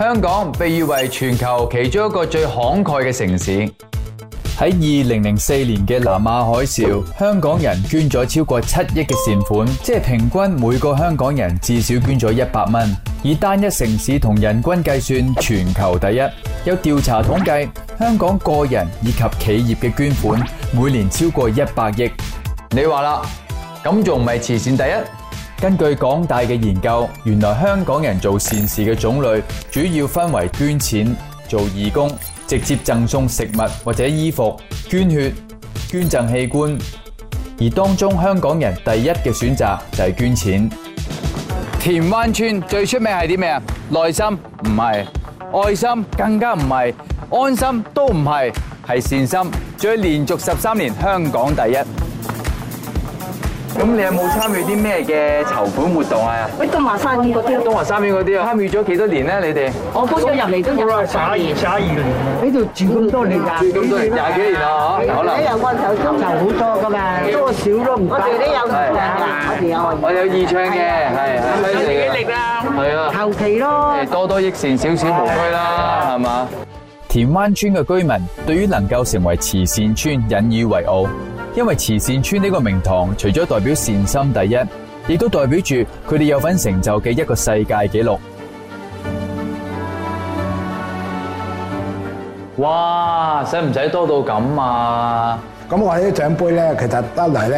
香港被譽為全球其中一個最慷慨嘅城市。喺二零零四年嘅南亞海嘯，香港人捐咗超過七億嘅善款，即係平均每個香港人至少捐咗一百蚊。以單一城市同人均計算，全球第一。有調查統計，香港個人以及企業嘅捐款每年超過一百億。你話啦，咁仲唔係慈善第一？根據港大嘅研究，原來香港人做善事嘅種類主要分為捐錢、做義工、直接贈送食物或者衣服、捐血、捐贈器官，而當中香港人第一嘅選擇就係捐錢。田灣村最出名係啲咩啊？內心唔係，愛心更加唔係，安心都唔係，係善心，仲要連續十三年香港第一。咁你有冇參與啲咩嘅籌款活動啊？喂，東華三院嗰啲，東華三院嗰啲啊，參與咗幾多年咧？你哋我搬咗入嚟都，好耐，卅二，卅二年，喺度住咁多年啊，住咗廿幾年啦，可能又按手鍾籌好多噶嘛，多少都唔，我哋都有㗎，我哋有，我有義唱嘅，係，靠自己力啦，係啊，求其咯，多多益善，少少無拘啦，係嘛？田灣邨嘅居民對於能夠成為慈善邨引以為傲。因為慈善村呢個名堂，除咗代表善心第一，亦都代表住佢哋有份成就嘅一個世界紀錄。哇！使唔使多到咁啊？咁我呢啲獎杯咧，其實得嚟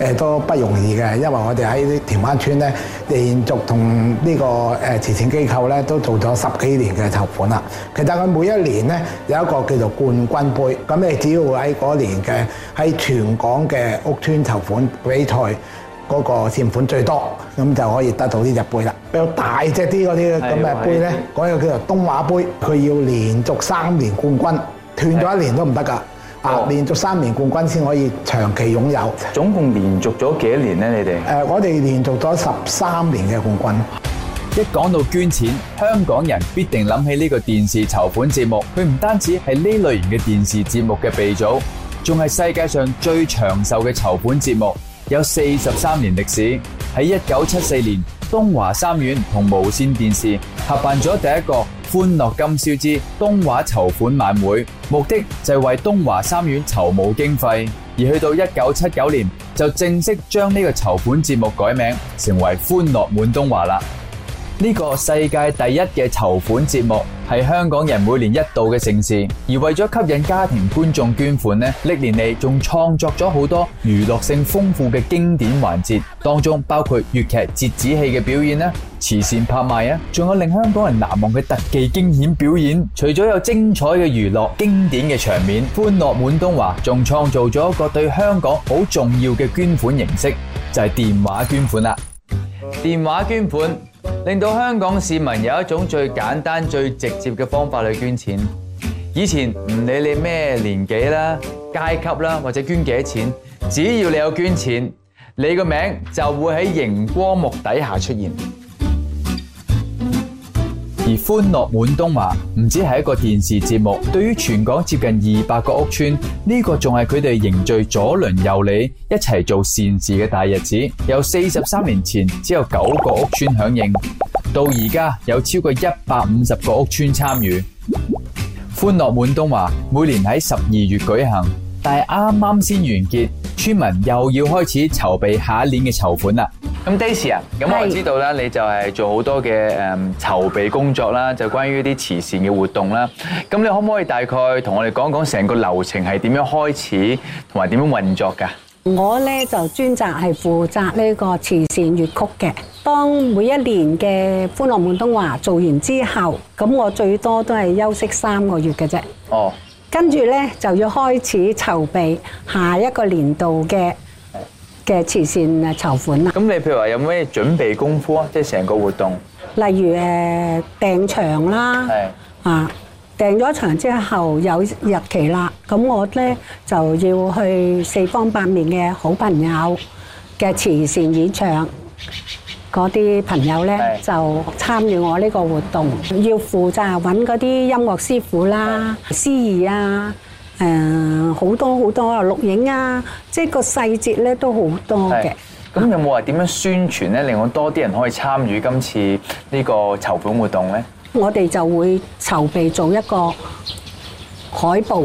咧都不容易嘅，因為我哋喺啲田灣邨咧，連續同呢個慈善機構咧都做咗十幾年嘅籌款啦。其實佢每一年咧有一個叫做冠軍杯，咁你只要喺嗰年嘅喺全港嘅屋邨籌款比賽嗰個善款最多，咁就可以得到呢隻杯啦。比較大隻啲嗰啲咁嘅杯咧，嗰、嗰個叫做東華杯，佢要連續三年冠軍，斷咗一年都唔得㗎。啊！哦、連續三年冠軍先可以長期擁有。總共連續咗幾年呢？你哋、呃？我哋連續咗十三年嘅冠軍。一講到捐錢，香港人必定諗起呢個電視籌款節目。佢唔單止係呢類型嘅電視節目嘅鼻祖，仲係世界上最長壽嘅籌款節目，有四十三年歷史。喺一九七四年，東華三院同無線電視合辦咗第一個歡樂今宵之東華籌款晚會，目的就係為東華三院籌募經費。而去到一九七九年，就正式將呢個籌款節目改名，成為「歡樂滿東華」啦。呢個世界第一嘅籌款節目係香港人每年一度嘅盛事，而為咗吸引家庭觀眾捐款呢，歷年嚟仲創作咗好多娛樂性豐富嘅經典環節，當中包括粵劇折子戲嘅表演咧，慈善拍賣啊，仲有令香港人難忘嘅特技驚險表演。除咗有精彩嘅娛樂，經典嘅場面，歡樂滿東華，仲創造咗一個對香港好重要嘅捐款形式，就係電話捐款啦。電話捐款。令到香港市民有一種最簡單、最直接嘅方法去捐錢。以前唔理你咩年紀啦、階級啦，或者捐幾多錢，只要你有捐錢，你個名就會喺熒光幕底下出現。而歡樂滿東華唔止係一個電視節目，對於全港接近二百個屋邨，呢個仲係佢哋凝聚左鄰右里一齊做善事嘅大日子。由四十三年前只有九個屋邨響應，到而家有超過一百五十個屋邨參與。歡樂滿東華每年喺十二月舉行，但係啱啱先完結，村民又要開始籌備下一年嘅籌款啦。咁 Daisy 啊，咁我知道啦，是你就係做好多嘅誒籌備工作啦，就關於一啲慈善嘅活動啦。咁你可唔可以大概同我哋講講成個流程係點樣開始，同埋點樣運作㗎？我咧就專責係負責呢個慈善粵曲嘅。當每一年嘅歡樂滿東華做完之後，咁我最多都係休息三個月嘅啫。哦。跟住咧就要開始籌備下一個年度嘅。嘅慈善誒籌款啦，咁你譬如話有咩準備功夫啊？即係成個活動，例如誒訂場啦，啊訂咗場之後有日期啦，咁我咧就要去四方八面嘅好朋友嘅慈善演唱，嗰啲朋友咧就參與我呢個活動，要負責揾嗰啲音樂師傅啦、司儀啊。誒好多好多啊錄影啊，即係個細節咧都好多嘅。咁有冇話點樣宣傳咧，令我多啲人可以參與今次呢個籌款活動咧？我哋就會籌備做一個海報。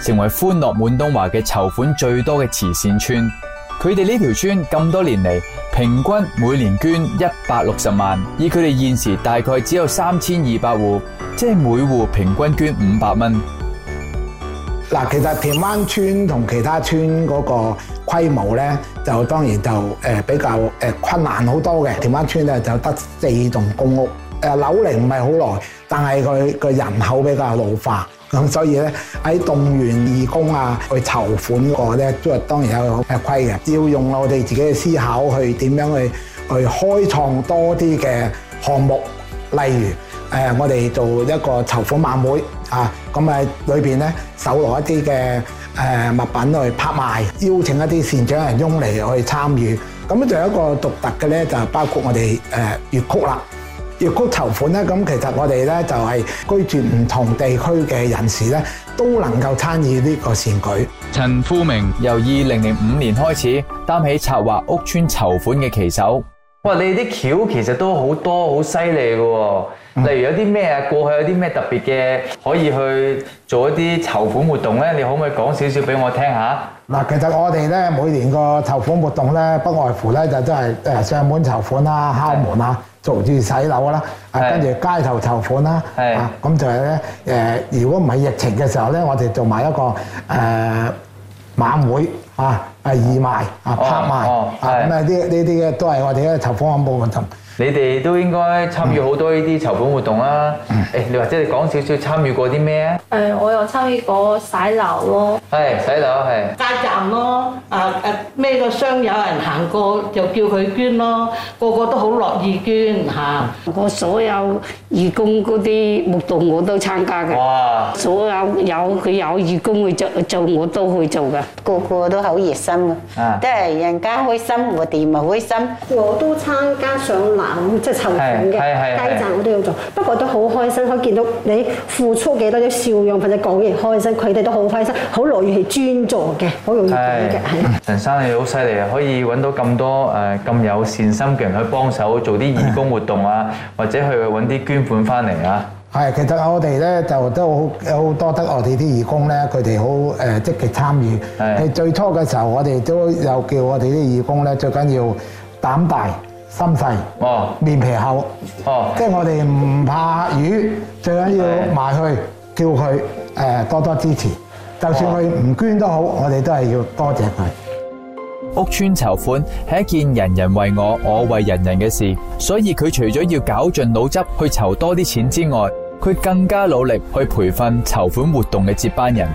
成為歡樂滿東華嘅籌款最多嘅慈善村，佢哋呢條村咁多年嚟，平均每年捐一百六十萬，以佢哋現時大概只有三千二百戶，即係每戶平均捐五百蚊。嗱，其實田灣村同其他村嗰個規模咧，就當然就誒比較誒困難好多嘅。田灣村咧就得四棟公屋，誒，樓齡唔係好耐，但係佢個人口比較老化。咁所以咧喺動員義工啊去籌款個咧，都係當然有好吃虧嘅。只要用我哋自己嘅思考去點樣去去開創多啲嘅項目，例如誒、呃、我哋做一個籌款晚會啊，咁誒裏邊咧搜羅一啲嘅誒物品去拍賣，邀請一啲善長仁翁嚟去參與。咁咧仲有一個獨特嘅咧，就包括我哋誒粵曲啦。粵曲籌款咧，咁其實我哋咧就係居住唔同地區嘅人士咧，都能夠參與呢個善舉。陳富明由二零零五年開始擔起策劃屋邨籌款嘅旗手。哇！你啲橋其實都好多，好犀利嘅喎。嗯、例如有啲咩啊，過去有啲咩特別嘅可以去做一啲籌款活動咧？你可唔可以講少少俾我聽下？嗱，其實我哋咧每年個籌款活動咧，不外乎咧就都係誒上門籌款啦、的敲門啦。做住洗樓啦，啊跟住街頭籌款啦，啊咁就係咧誒如果唔係疫情嘅時候咧，我哋做埋一個晚會啊，啊義賣啊，拍賣、哦、啊咁、哦、啊呢呢啲嘅都係我哋嘅籌款一部分。你哋都應該參與好多呢啲籌款活動啊！誒，你或者你講少少參與過啲咩啊？誒，我又參與過洗樓咯。係洗樓係。街站咯，啊啊咩個商有人行過就叫佢捐咯，個個都好樂意捐嚇。我所有義工嗰啲活動我都參加嘅。哇！所有有佢有義工去做做我都去做㗎，個個都好熱心嘅。啊！即係人家開心，我哋咪開心。我都參加上嚟。即係籌款嘅低蛋我都要做，不過都好開心，可以見到你付出幾多啲笑容，或者講嘢開心，佢哋都好開心，好樂意捐助嘅，好容易嘅。陳生你好犀利啊！可以揾到咁多誒咁有善心嘅人去幫手做啲義工活動啊，是或者去揾啲捐款翻嚟啊。係，其實我哋咧就都好好多得我哋啲義工咧，佢哋好誒積極參與。係是。最初嘅時候，我哋都有叫我哋啲義工咧，最緊要膽大。心細，哦、面皮厚，哦、即係我哋唔怕魚，最緊要埋去的叫佢多多支持。哦、就算佢唔捐都好，我哋都係要多謝佢。屋邨籌款係一件人人為我，我為人人嘅事，所以佢除咗要攪盡腦汁去籌多啲錢之外，佢更加努力去培訓籌款活動嘅接班人。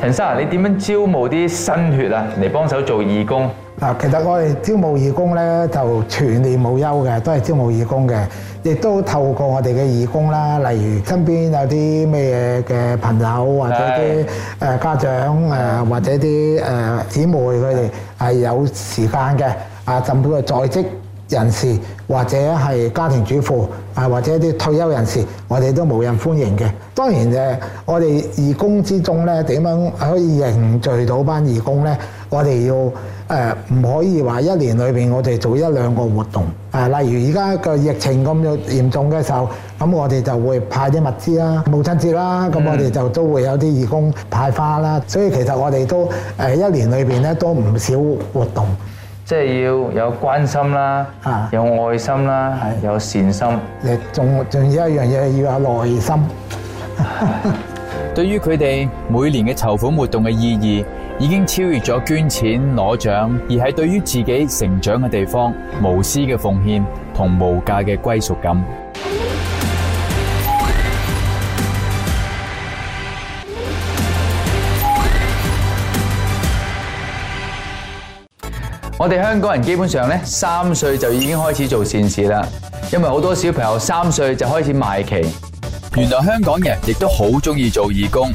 陳生，你點樣招募啲新血啊嚟幫手做義工？啊！其實我哋招募義工咧，就全年無休嘅，都係招募義工嘅。亦都透過我哋嘅義工啦，例如身邊有啲咩嘢嘅朋友，或者啲誒家長誒，或者啲誒姊妹他們，佢哋係有時間嘅。啊，甚至係在職人士，或者係家庭主婦啊，或者啲退休人士，我哋都冇人歡迎嘅。當然誒，我哋義工之中咧點樣可以凝聚到班義工咧？我哋要。誒唔可以話一年裏邊我哋做一兩個活動，誒例如而家個疫情咁樣嚴重嘅時候，咁我哋就會派啲物資啦，母親節啦，咁我哋就都會有啲義工派花啦，所以其實我哋都誒一年裏邊咧都唔少活動，即係要有關心啦，啊、有愛心啦，係有善心，誒仲仲有一樣嘢要有耐心。 對於佢哋每年嘅籌款活動嘅意義。已經超越咗捐錢攞獎，而係對於自己成長嘅地方無私嘅奉獻同無價嘅歸屬感。我哋香港人基本上呢，三歲就已經開始做善事喇，因為好多小朋友三歲就開始賣旗。原來香港人亦都好鍾意做義工。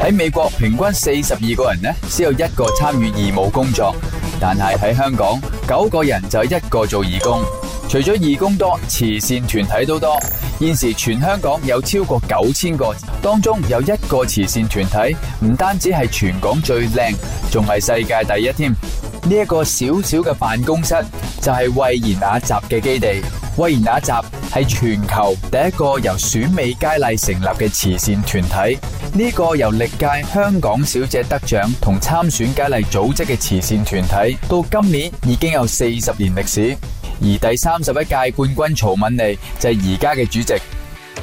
喺美國平均四十二個人呢先有一個參與義務工作；但係喺香港，九個人就一個做義工。除咗義工多，慈善團體都多。現時全香港有超過九千個，當中有一個慈善團體，唔單止係全港最靚，仲係世界第一添。呢、這、一個小小嘅辦公室就係、是、威然那集嘅基地，威然那集，係全球第一個由選美佳麗成立嘅慈善團體，呢個由歷屆香港小姐得獎同參選佳麗組織嘅慈善團體，到今年已經有四十年歷史。而第三十一屆冠軍曹敏莉就係而家嘅主席。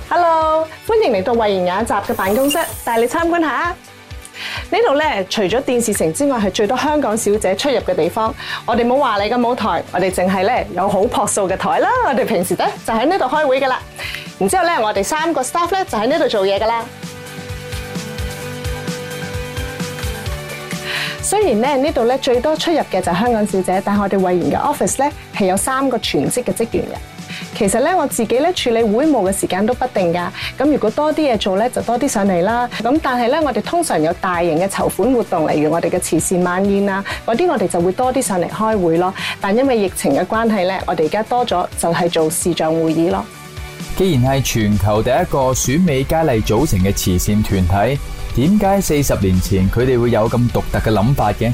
Hello，歡迎嚟到慧妍雅集嘅辦公室，帶你參觀下。這呢度咧，除咗電視城之外，係最多香港小姐出入嘅地方。我哋冇華麗嘅舞台，我哋淨係咧有好樸素嘅台啦。我哋平時咧就喺呢度開會噶啦。然之後咧，我哋三個 staff 咧就喺呢度做嘢噶啦。雖然咧呢度咧最多出入嘅就係香港小姐，但係我哋魏然嘅 office 咧係有三個全職嘅職員嘅。其實咧，我自己咧處理會務嘅時間都不定噶。咁如果多啲嘢做咧，就多啲上嚟啦。咁但係咧，我哋通常有大型嘅籌款活動，例如我哋嘅慈善晚宴啊嗰啲，我哋就會多啲上嚟開會咯。但因為疫情嘅關係咧，我哋而家多咗就係做視像會議咯。既然係全球第一個選美佳麗組成嘅慈善團體，點解四十年前佢哋會有咁獨特嘅諗法嘅？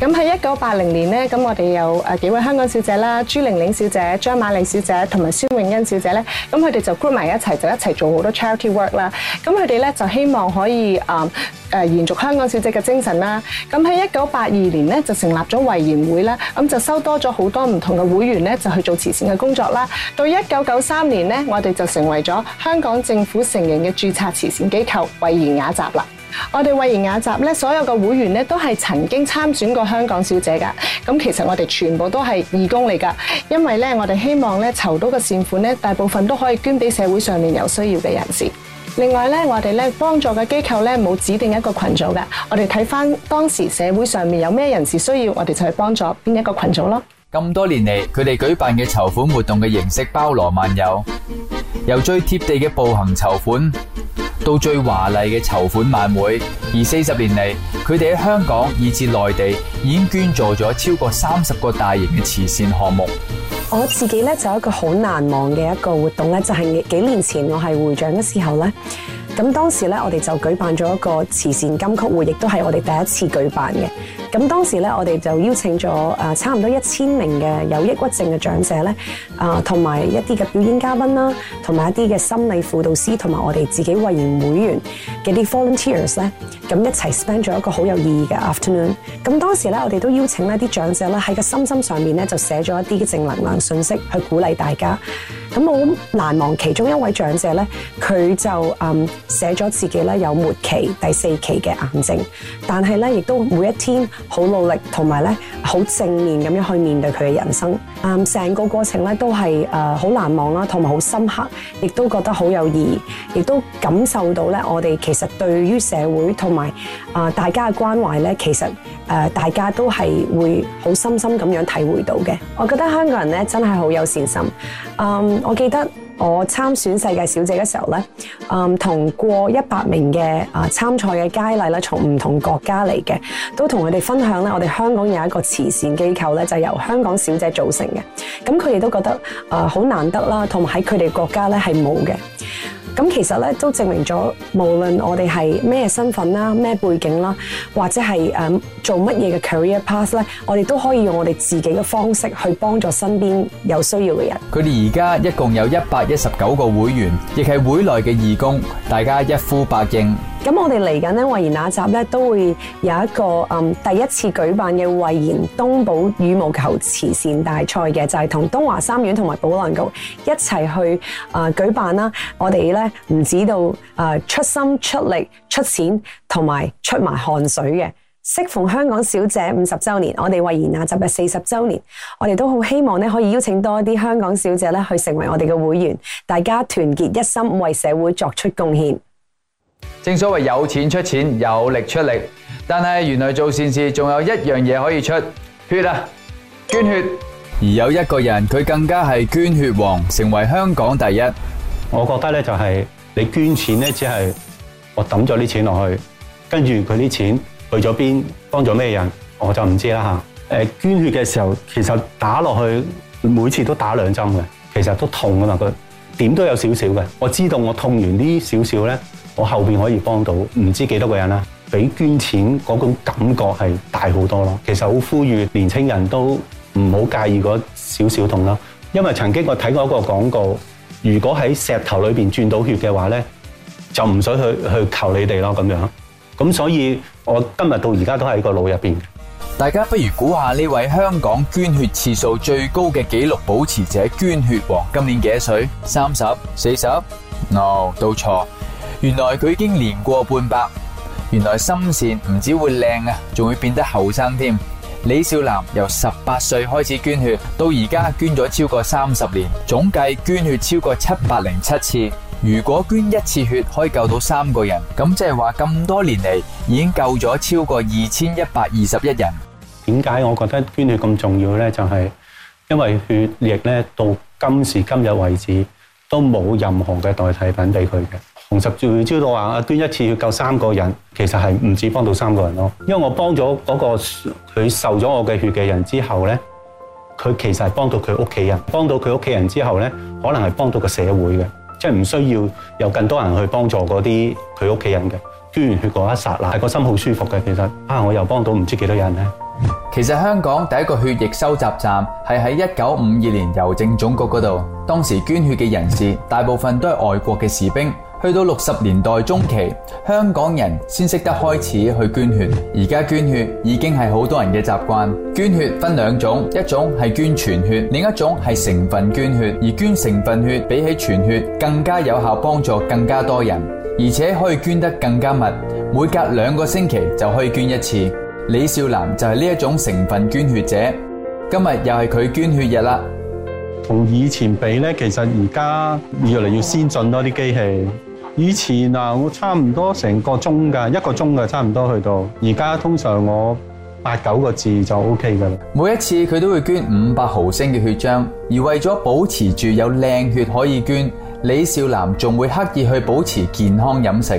咁喺一九八零年咧，咁我哋有誒幾位香港小姐啦，朱玲玲小姐、張瑪莉小姐同埋蕭永欣小姐咧，咁佢哋就 group 埋一齊，就一齊做好多 charity work 啦。咁佢哋咧就希望可以誒誒、呃呃、延續香港小姐嘅精神啦。咁喺一九八二年咧，就成立咗遺賢會啦。咁就收多咗好多唔同嘅會員咧，就去做慈善嘅工作啦。到一九九三年咧，我哋就成為咗香港政府承認嘅注冊慈善機構遺賢雅集啦。我哋慧賢雅集咧，所有嘅會員咧都係曾經參選過香港小姐噶。咁其實我哋全部都係義工嚟噶，因為咧我哋希望咧籌到嘅善款咧，大部分都可以捐俾社會上面有需要嘅人士。另外咧，我哋咧幫助嘅機構咧冇指定一個群組噶，我哋睇翻當時社會上面有咩人士需要，我哋就去幫助邊一個群組咯。咁多年嚟，佢哋舉辦嘅籌款活動嘅形式包羅萬有，由最貼地嘅步行籌款。到最華麗嘅籌款晚會，而，而四十年嚟，佢哋喺香港以至內地已經捐助咗超過三十個大型嘅慈善項目。我自己咧就有一個好難忘嘅一個活動咧，就係幾年前我係會長嘅時候咧。咁當時咧，我哋就舉辦咗一個慈善金曲會，亦都係我哋第一次舉辦嘅。咁當時咧，我哋就邀請咗誒、呃、差唔多一千名嘅有抑鬱症嘅長者咧，啊、呃，同埋一啲嘅表演嘉賓啦，同埋一啲嘅心理輔導師，同埋我哋自己委員會員嘅啲 volunteers 咧，咁一齊 spend 咗一個好有意義嘅 afternoon。咁當時咧，我哋都邀請咧啲長者咧喺個心心上面咧就寫咗一啲嘅正能量信息去鼓勵大家。咁我好難忘其中一位長者咧，佢就嗯寫咗自己咧有末期第四期嘅癌症，但係咧亦都每一天好努力同埋咧好正面咁樣去面對佢嘅人生。嗯，成個過程咧都係誒好難忘啦，同埋好深刻，亦都覺得好有意義，亦都感受到咧我哋其實對於社會同埋啊大家嘅關懷咧，其實。誒、呃，大家都係會好深深咁樣體會到嘅。我覺得香港人咧，真係好有善心。嗯，我記得我參選世界小姐嘅時候咧，嗯，同過一百名嘅啊參賽嘅佳麗咧，從、呃、唔同國家嚟嘅，都同佢哋分享咧，我哋香港有一個慈善機構咧，就由香港小姐組成嘅。咁佢哋都覺得啊，好、呃、難得啦，同埋喺佢哋國家咧係冇嘅。咁其實咧都證明咗，無論我哋係咩身份啦、咩背景啦，或者係誒、嗯、做乜嘢嘅 career path 咧，我哋都可以用我哋自己嘅方式去幫助身邊有需要嘅人。佢哋而家一共有一百一十九個會員，亦係會內嘅義工，大家一呼百應。咁我哋嚟緊咧，蔚然雅集咧都會有一個嗯第一次舉辦嘅蔚然東寶羽毛球慈善大賽嘅，就係、是、同東華三院同埋保良局一齊去啊、呃、舉辦啦。我哋咧唔止到啊、呃、出心出力出錢，同埋出埋汗水嘅。適逢香港小姐五十周年，我哋蔚然雅集嘅四十周年，我哋都好希望咧可以邀請多一啲香港小姐咧去成為我哋嘅會員，大家團結一心為社會作出貢獻。正所謂有錢出錢，有力出力，但係原來做善事仲有一樣嘢可以出血啊，捐血。而有一個人佢更加係捐血王，成為香港第一。我覺得咧就係你捐錢咧，只係我抌咗啲錢落去，跟住佢啲錢去咗邊，幫咗咩人，我就唔知啦吓。誒，捐血嘅時候其實打落去，每次都打兩針嘅，其實都痛㗎嘛。佢點都有少少嘅，我知道我痛完呢少少咧。我後邊可以幫到唔知幾多個人啦，畀捐錢嗰種感覺係大好多咯。其實好呼籲年輕人都唔好介意嗰少少痛啦。因為曾經我睇過一個廣告，如果喺石頭裏邊轉到血嘅話咧，就唔使去去求你哋咯。咁樣咁，所以我今日到而家都喺個腦入邊。大家不如估下呢位香港捐血次數最高嘅紀錄保持者捐血王今年幾多歲？三十、四十？No，都錯。原來佢已經年過半百，原來心善唔止會靚啊，仲會變得後生添。李少南由十八歲開始捐血，到而家捐咗超過三十年，總計捐血超過七百零七次。如果捐一次血可以救到三個人，咁即係話咁多年嚟已經救咗超過二千一百二十一人。點解我覺得捐血咁重要呢？就係因為血液咧到今時今日為止都冇任何嘅代替品俾佢嘅。紅十字會招到話：阿捐一次要救三個人，其實係唔止幫到三個人咯。因為我幫咗嗰個佢受咗我嘅血嘅人之後咧，佢其實係幫到佢屋企人。幫到佢屋企人之後咧，可能係幫到個社會嘅，即係唔需要有更多人去幫助嗰啲佢屋企人嘅。捐完血嗰一剎那，個心好舒服嘅。其實啊，我又幫到唔知幾多人咧。其實香港第一個血液收集站係喺一九五二年郵政總局嗰度，當時捐血嘅人士大部分都係外國嘅士兵。去到六十年代中期，香港人先識得開始去捐血，而家捐血已經係好多人嘅習慣。捐血分兩種，一種係捐全血，另一種係成分捐血。而捐成分血比起全血更加有效，幫助更加多人，而且可以捐得更加密，每隔兩個星期就可以捐一次。李少蘭就係呢一種成分捐血者，今日又係佢捐血日啦。同以前比咧，其實而家越嚟越先進，多啲機器。以前啊，我差唔多成個鐘㗎，一個鐘㗎，差唔多去到。而家通常我八九個字就 OK 㗎啦。每一次佢都會捐五百毫升嘅血漿，而為咗保持住有靚血可以捐，李少南仲會刻意去保持健康飲食。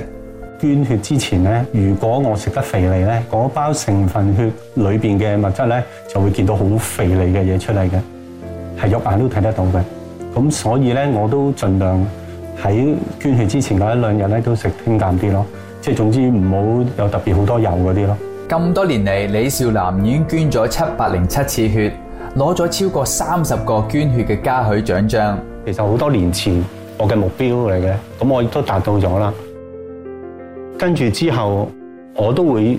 捐血之前咧，如果我食得肥膩咧，嗰包成分血裏面嘅物質咧，就會見到好肥膩嘅嘢出嚟嘅，係肉眼都睇得到嘅。咁所以咧，我都盡量。喺捐血之前嗰一兩日咧，都食清淡啲咯，即係總之唔好有特別好多油嗰啲咯。咁多年嚟，李少南已經捐咗七百零七次血，攞咗超過三十個捐血嘅嘉許獎章。其實好多年前我嘅目標嚟嘅，咁我亦都達到咗啦。跟住之後，我都會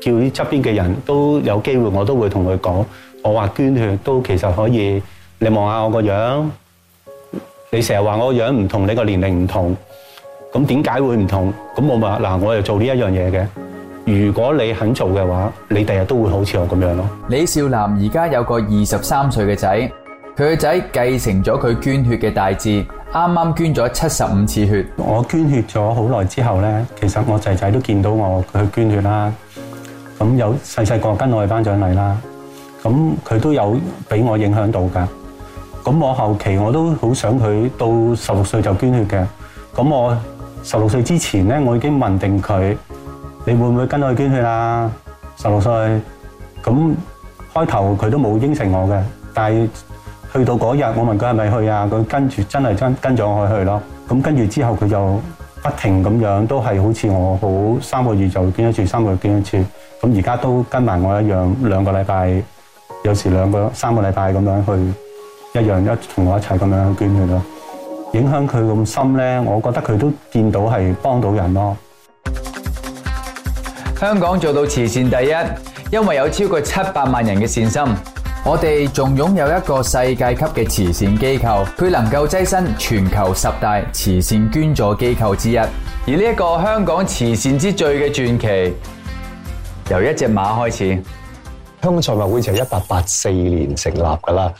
叫啲側邊嘅人都有機會，我都會同佢講，我話捐血都其實可以，你望下我個樣。你成日話我樣唔同，你個年齡唔同，咁點解會唔同？咁我咪話，嗱，我又做呢一樣嘢嘅。如果你肯做嘅話，你第日都會好似我咁樣咯。李少南而家有個二十三歲嘅仔，佢嘅仔繼承咗佢捐血嘅大志，啱啱捐咗七十五次血。我捐血咗好耐之後咧，其實我仔仔都見到我去捐血啦。咁有細細個跟我去頒獎禮啦。咁佢都有俾我影響到㗎。咁我後期我都好想佢到十六歲就捐血嘅。咁我十六歲之前咧，我已經問定佢，你會唔會跟我去捐血啊？十六歲咁開頭佢都冇應承我嘅，但係去到嗰日我問佢係咪去啊，佢跟住真係跟跟咗我去去咯。咁跟住之後佢就不停咁樣都係好似我好三個月就捐一次，三個月捐一次。咁而家都跟埋我一樣，兩個禮拜有時兩個三個禮拜咁樣去。一樣一同我一齊咁樣捐去咯，影響佢咁深咧，我覺得佢都見到係幫到人咯。香港做到慈善第一，因為有超過七百萬人嘅善心，我哋仲擁有一個世界級嘅慈善機構，佢能夠躋身全球十大慈善捐助機構之一。而呢一個香港慈善之最嘅傳奇，由一隻馬開始。香港賽馬會就係一八八四年成立噶啦。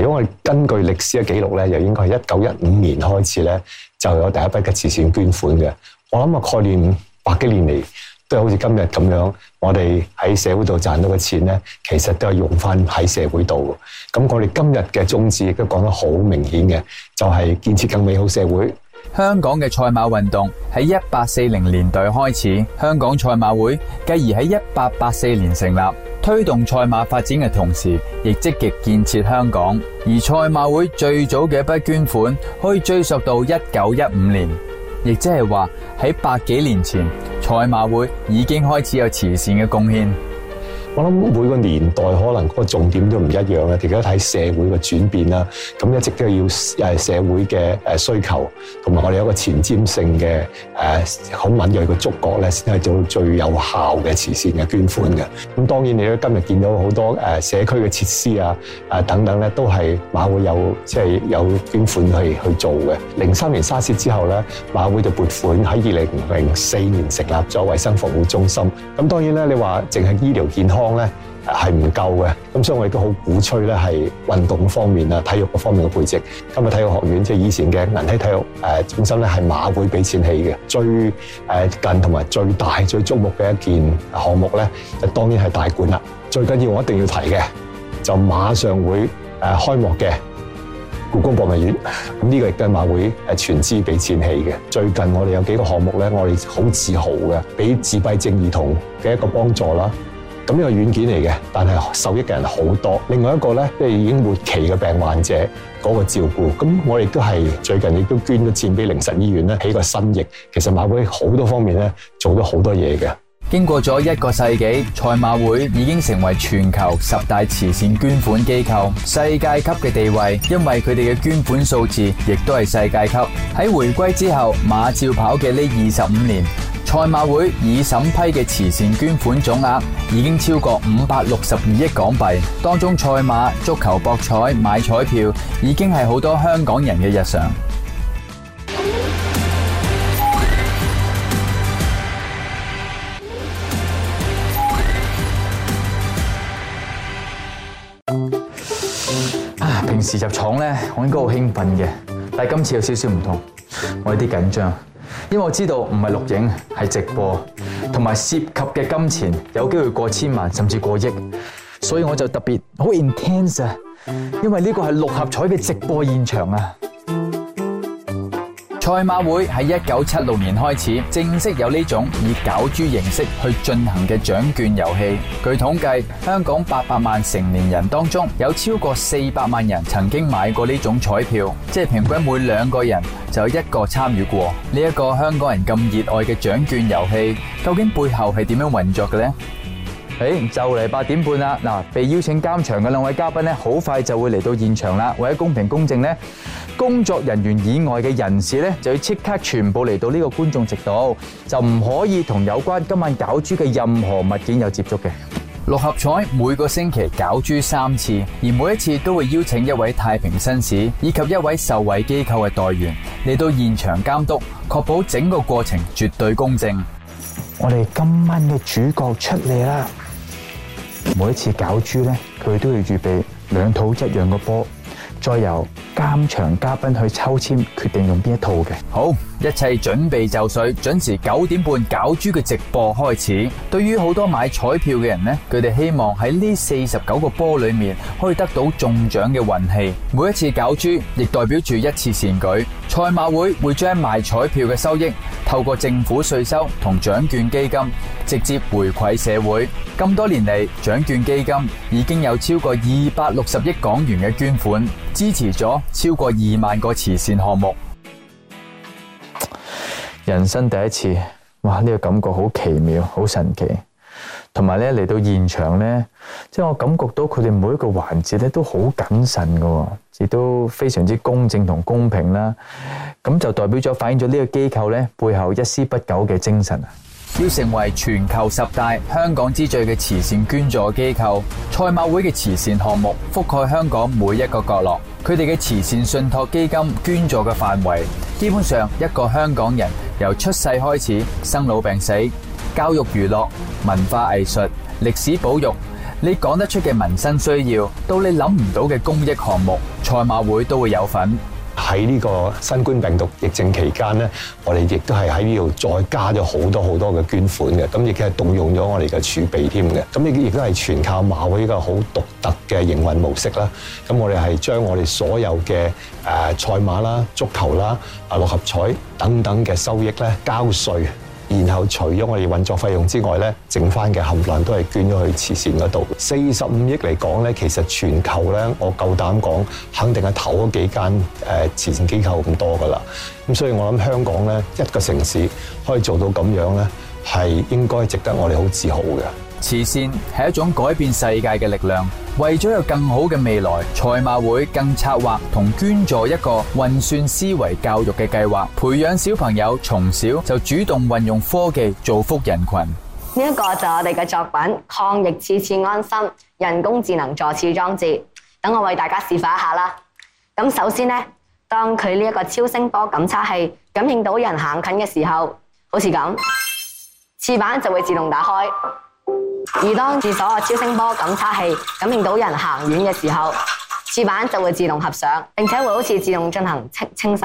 如果我哋根據歷史嘅記錄咧，又應該係一九一五年開始咧，就有第一筆嘅慈善捐款嘅。我諗個概念百幾年嚟都係好似今日咁樣，我哋喺社會度賺到嘅錢咧，其實都係用翻喺社會度。咁我哋今日嘅宗旨亦都講得好明顯嘅，就係、是、建設更美好社會。香港嘅賽馬運動喺一八四零年代開始，香港賽馬會繼而喺一八八四年成立，推動賽馬發展嘅同時，亦積極建設香港。而賽馬會最早嘅一筆捐款可以追溯到一九一五年，亦即係話喺百幾年前，賽馬會已經開始有慈善嘅貢獻。我諗每個年代可能個重點都唔一樣啦，而家睇社會嘅轉變啦，咁一直都係要誒社會嘅誒需求，同埋我哋有一個前瞻性嘅誒好敏銳嘅觸覺咧，先係做最有效嘅慈善嘅捐款嘅。咁當然你都今日見到好多誒社區嘅設施啊啊等等咧，都係馬會有即係有捐款去去做嘅。零三年沙士之後咧，馬會就撥款喺二零零四年成立咗衛生服務中心。咁當然咧，你話淨係醫療健康。方咧係唔夠嘅，咁所以我亦都好鼓吹咧，係運動方面啊，體育方面嘅培植。今日體育學院即係、就是、以前嘅銀禧體育誒，中心咧係馬會俾錢起嘅。最誒近同埋最大最矚目嘅一件項目咧，就當然係大館啦。最緊要我一定要提嘅，就馬上會誒開幕嘅故宮博物院。咁呢個亦都係馬會誒全資俾錢起嘅。最近我哋有幾個項目咧，我哋好自豪嘅，俾自閉症兒童嘅一個幫助啦。咁呢個軟件嚟嘅，但係受益嘅人好多。另外一個呢，即係已經末期嘅病患者嗰個照顧。咁我哋都係最近亦都捐咗錢畀靈實醫院呢，起個新翼。其實馬會好多方面呢，做咗好多嘢嘅。經過咗一個世紀，賽馬會已經成為全球十大慈善捐款機構。世界級嘅地位，因為佢哋嘅捐款數字亦都係世界級。喺回歸之後，馬照跑嘅呢二十五年，賽馬會已審批嘅慈善捐款總額已經超過五百六十二億港幣。當中，賽馬、足球博彩、買彩票已經係好多香港人嘅日常。平時入廠咧，我應該好興奮嘅，但係今次有少少唔同，我有啲緊張，因為我知道唔係錄影，係直播，同埋涉及嘅金錢有機會過千萬甚至過億，所以我就特別好 intense 啊，因為呢個係六合彩嘅直播現場啊。賽馬會喺一九七六年開始正式有呢種以攪珠形式去進行嘅獎券遊戲。據統計，香港八百萬成年人當中，有超過四百萬人曾經買過呢種彩票，即係平均每兩個人就有一個參與過呢一個香港人咁熱愛嘅獎券遊戲。究竟背後係點樣運作嘅呢？誒，就嚟八點半啦！嗱，被邀請監場嘅兩位嘉賓咧，好快就會嚟到現場啦。為咗公平公正咧，工作人員以外嘅人士咧，就要即刻全部嚟到呢個觀眾席度，就唔可以同有關今晚攪珠嘅任何物件有接觸嘅。六合彩每個星期攪珠三次，而每一次都會邀請一位太平紳士以及一位受惠機構嘅代表嚟到現場監督，確保整個過程絕對公正。我哋今晚嘅主角出嚟啦！每一次攪珠呢，佢都要預備兩套一樣嘅波，再由監場嘉賓去抽籤決定用邊一套嘅。好。一切準備就緒，準時九點半攪珠嘅直播開始。對於好多買彩票嘅人呢，佢哋希望喺呢四十九個波裏面可以得到中獎嘅運氣。每一次攪珠亦代表住一次善舉。賽馬會會將賣彩票嘅收益透過政府稅收同獎券基金直接回饋社會。咁多年嚟，獎券基金已經有超過二百六十億港元嘅捐款，支持咗超過二萬個慈善項目。人生第一次，哇！呢個感覺好奇妙，好神奇。同埋咧，嚟到現場咧，即係我感覺到佢哋每一個環節咧都好謹慎嘅，亦都非常之公正同公平啦。咁就代表咗反映咗呢個機構咧背後一絲不苟嘅精神啊！要成為全球十大香港之最嘅慈善捐助機構，賽馬會嘅慈善項目覆蓋香港每一個角落。佢哋嘅慈善信託基金捐助嘅範圍，基本上一個香港人由出世開始，生老病死、教育、娛樂、文化藝術、歷史保育，你講得出嘅民生需要，到你諗唔到嘅公益項目，賽馬會都會有份。喺呢個新冠病毒疫症期間咧，我哋亦都係喺呢度再加咗好多好多嘅捐款嘅，咁亦都係動用咗我哋嘅儲備添嘅。咁呢亦都係全靠馬會呢個好獨特嘅營運模式啦。咁我哋係將我哋所有嘅誒賽馬啦、足球啦、啊六合彩等等嘅收益咧，交稅，然後除咗我哋運作費用之外咧，剩翻嘅冚唥都係捐咗去慈善嗰度。四十五億嚟講咧，其實全球咧，我夠膽講，肯定係頭嗰幾間誒慈善機構咁多噶啦。咁所以我諗香港咧一個城市可以做到咁樣咧，係應該值得我哋好自豪嘅。慈善係一種改變世界嘅力量，為咗有更好嘅未來，賽馬會更策劃同捐助一個運算思維教育嘅計劃，培養小朋友從小就主動運用科技造福人群。呢一個就我哋嘅作品，抗疫次次安心，人工智能座廁裝置。等我為大家示範一下啦。咁首先呢，當佢呢一個超聲波感測器感應到人行近嘅時候，好似咁，廁板就會自動打開。而當廁所嘅超聲波感測器感應到人行遠嘅時候，廁板就會自動合上，並且會好似自動進行清清洗。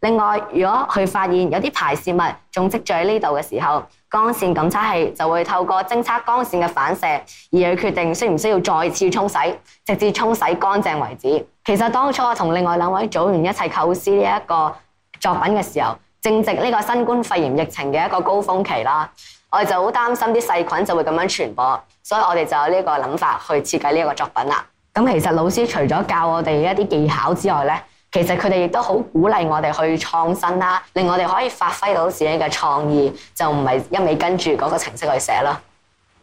另外，如果佢發現有啲排泄物仲積聚喺呢度嘅時候，光線感測器就會透過偵測光線嘅反射而去決定需唔需要再次沖洗，直至沖洗乾淨為止。其實當初我同另外兩位組員一齊構思呢一個作品嘅時候，正值呢個新冠肺炎疫情嘅一個高峰期啦。我哋就好擔心啲細菌就會咁樣傳播，所以我哋就有呢個諗法去設計呢個作品啦。咁其實老師除咗教我哋一啲技巧之外咧，其實佢哋亦都好鼓勵我哋去創新啦，令我哋可以發揮到自己嘅創意，就唔係一味跟住嗰個程式去寫啦。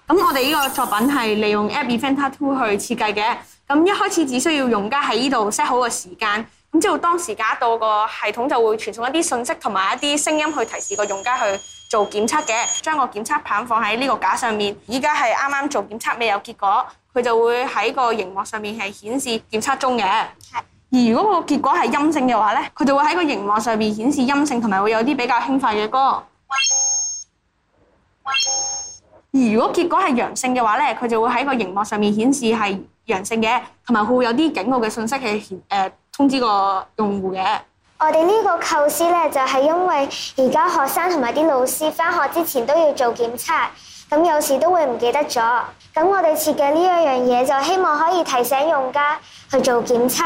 咁我哋呢個作品係利用 App Inventor Two 去設計嘅。咁一開始只需要用家喺呢度 set 好個時間，咁之後當時假到個系統就會傳送一啲信息同埋一啲聲音去提示個用家去。做檢測嘅，將個檢測棒放喺呢個架上面。依家係啱啱做檢測未有結果，佢就會喺個熒幕上面係顯示檢測中嘅。係。而如果個結果係陰性嘅話咧，佢就會喺個熒幕上面顯示陰性，同埋會有啲比較輕快嘅歌。而如果結果係陽性嘅話咧，佢就會喺個熒幕上面顯示係陽性嘅，同埋會有啲警告嘅信息，係、呃、誒通知個用戶嘅。我哋呢個構思呢，就係因為而家學生同埋啲老師返學之前都要做檢測，咁有時都會唔記得咗。咁我哋設計呢一樣嘢，就希望可以提醒用家去做檢測。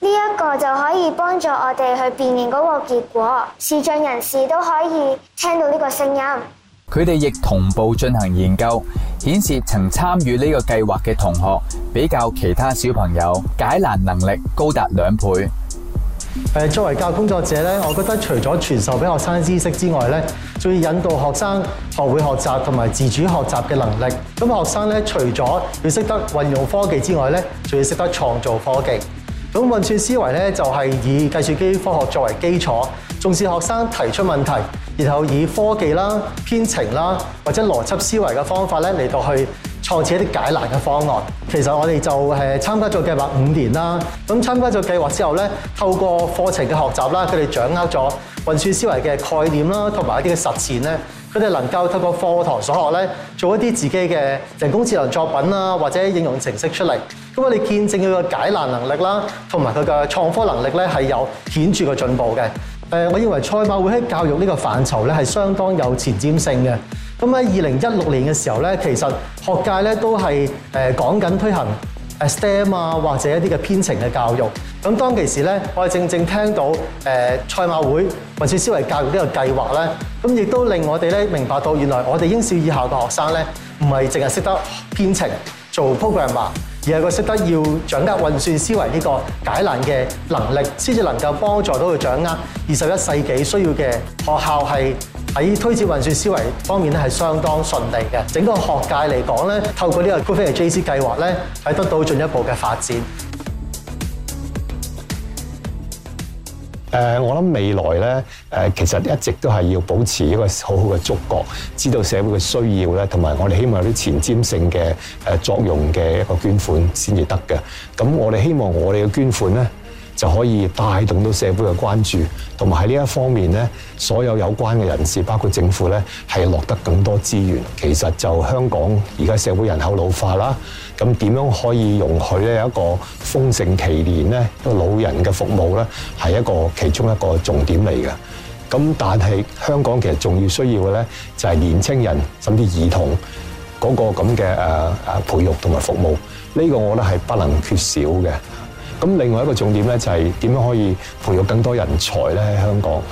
呢一個就可以幫助我哋去辨認嗰個結果，視障人士都可以聽到呢個聲音。佢哋亦同步進行研究，顯示曾參與呢個計劃嘅同學，比較其他小朋友解難能力高達兩倍。作為教育工作者咧，我覺得除咗傳授俾學生知識之外咧，仲要引導學生學會學習同埋自主學習嘅能力。咁學生咧，除咗要識得運用科技之外咧，仲要識得創造科技。咁運算思維咧，就係以計算機科學作為基礎，重視學生提出問題，然後以科技啦、編程啦或者邏輯思維嘅方法咧嚟到去創設一啲解難嘅方案，其實我哋就係參加咗計劃五年啦。咁參加咗計劃之後咧，透過課程嘅學習啦，佢哋掌握咗運算思維嘅概念啦，同埋一啲嘅實踐咧，佢哋能夠透過課堂所學咧，做一啲自己嘅人工智能作品啦，或者應用程式出嚟。咁我哋見證佢嘅解難能力啦，同埋佢嘅創科能力咧，係有顯著嘅進步嘅。誒，我認為賽馬會喺教育呢個範疇咧，係相當有前瞻性嘅。咁喺二零一六年嘅時候咧，其實學界咧都係誒講緊推行 STEM 啊，或者一啲嘅編程嘅教育。咁當其時咧，我哋正正聽到誒賽馬會運算思維教育呢個計劃咧，咁亦都令我哋咧明白到，原來我哋英小以下嘅學生咧，唔係淨係識得編程做 programmer，而係佢識得要掌握運算思維呢個解難嘅能力，先至能夠幫助到佢掌握二十一世紀需要嘅學校係。喺推展運算思維方面咧，係相當順利嘅。整個學界嚟講咧，透過呢個 CoolThink@JC 計劃咧，係得到進一步嘅發展。誒、呃，我諗未來咧，誒、呃、其實一直都係要保持一個好好嘅觸覺，知道社會嘅需要咧，同埋我哋希望有啲前瞻性嘅誒、呃、作用嘅一個捐款先至得嘅。咁我哋希望我哋嘅捐款咧，就可以帶動到社會嘅關注，同埋喺呢一方面呢，所有有關嘅人士，包括政府呢，係落得更多資源。其實就香港而家社會人口老化啦，咁點樣可以容許呢？有一個豐盛頤年呢，一個老人嘅服務呢，係一個其中一個重點嚟嘅。咁但係香港其實仲要需要嘅呢，就係、是、年青人甚至兒童嗰個咁嘅誒誒培育同埋服務，呢、這個我覺得，係不能缺少嘅。咁另外一個重點呢，就係點樣可以培育更多人才呢？喺香港，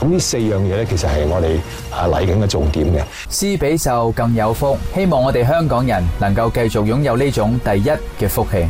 咁呢四樣嘢呢，其實係我哋啊來年嘅重點嘅。施比受更有福，希望我哋香港人能夠繼續擁有呢種第一嘅福氣。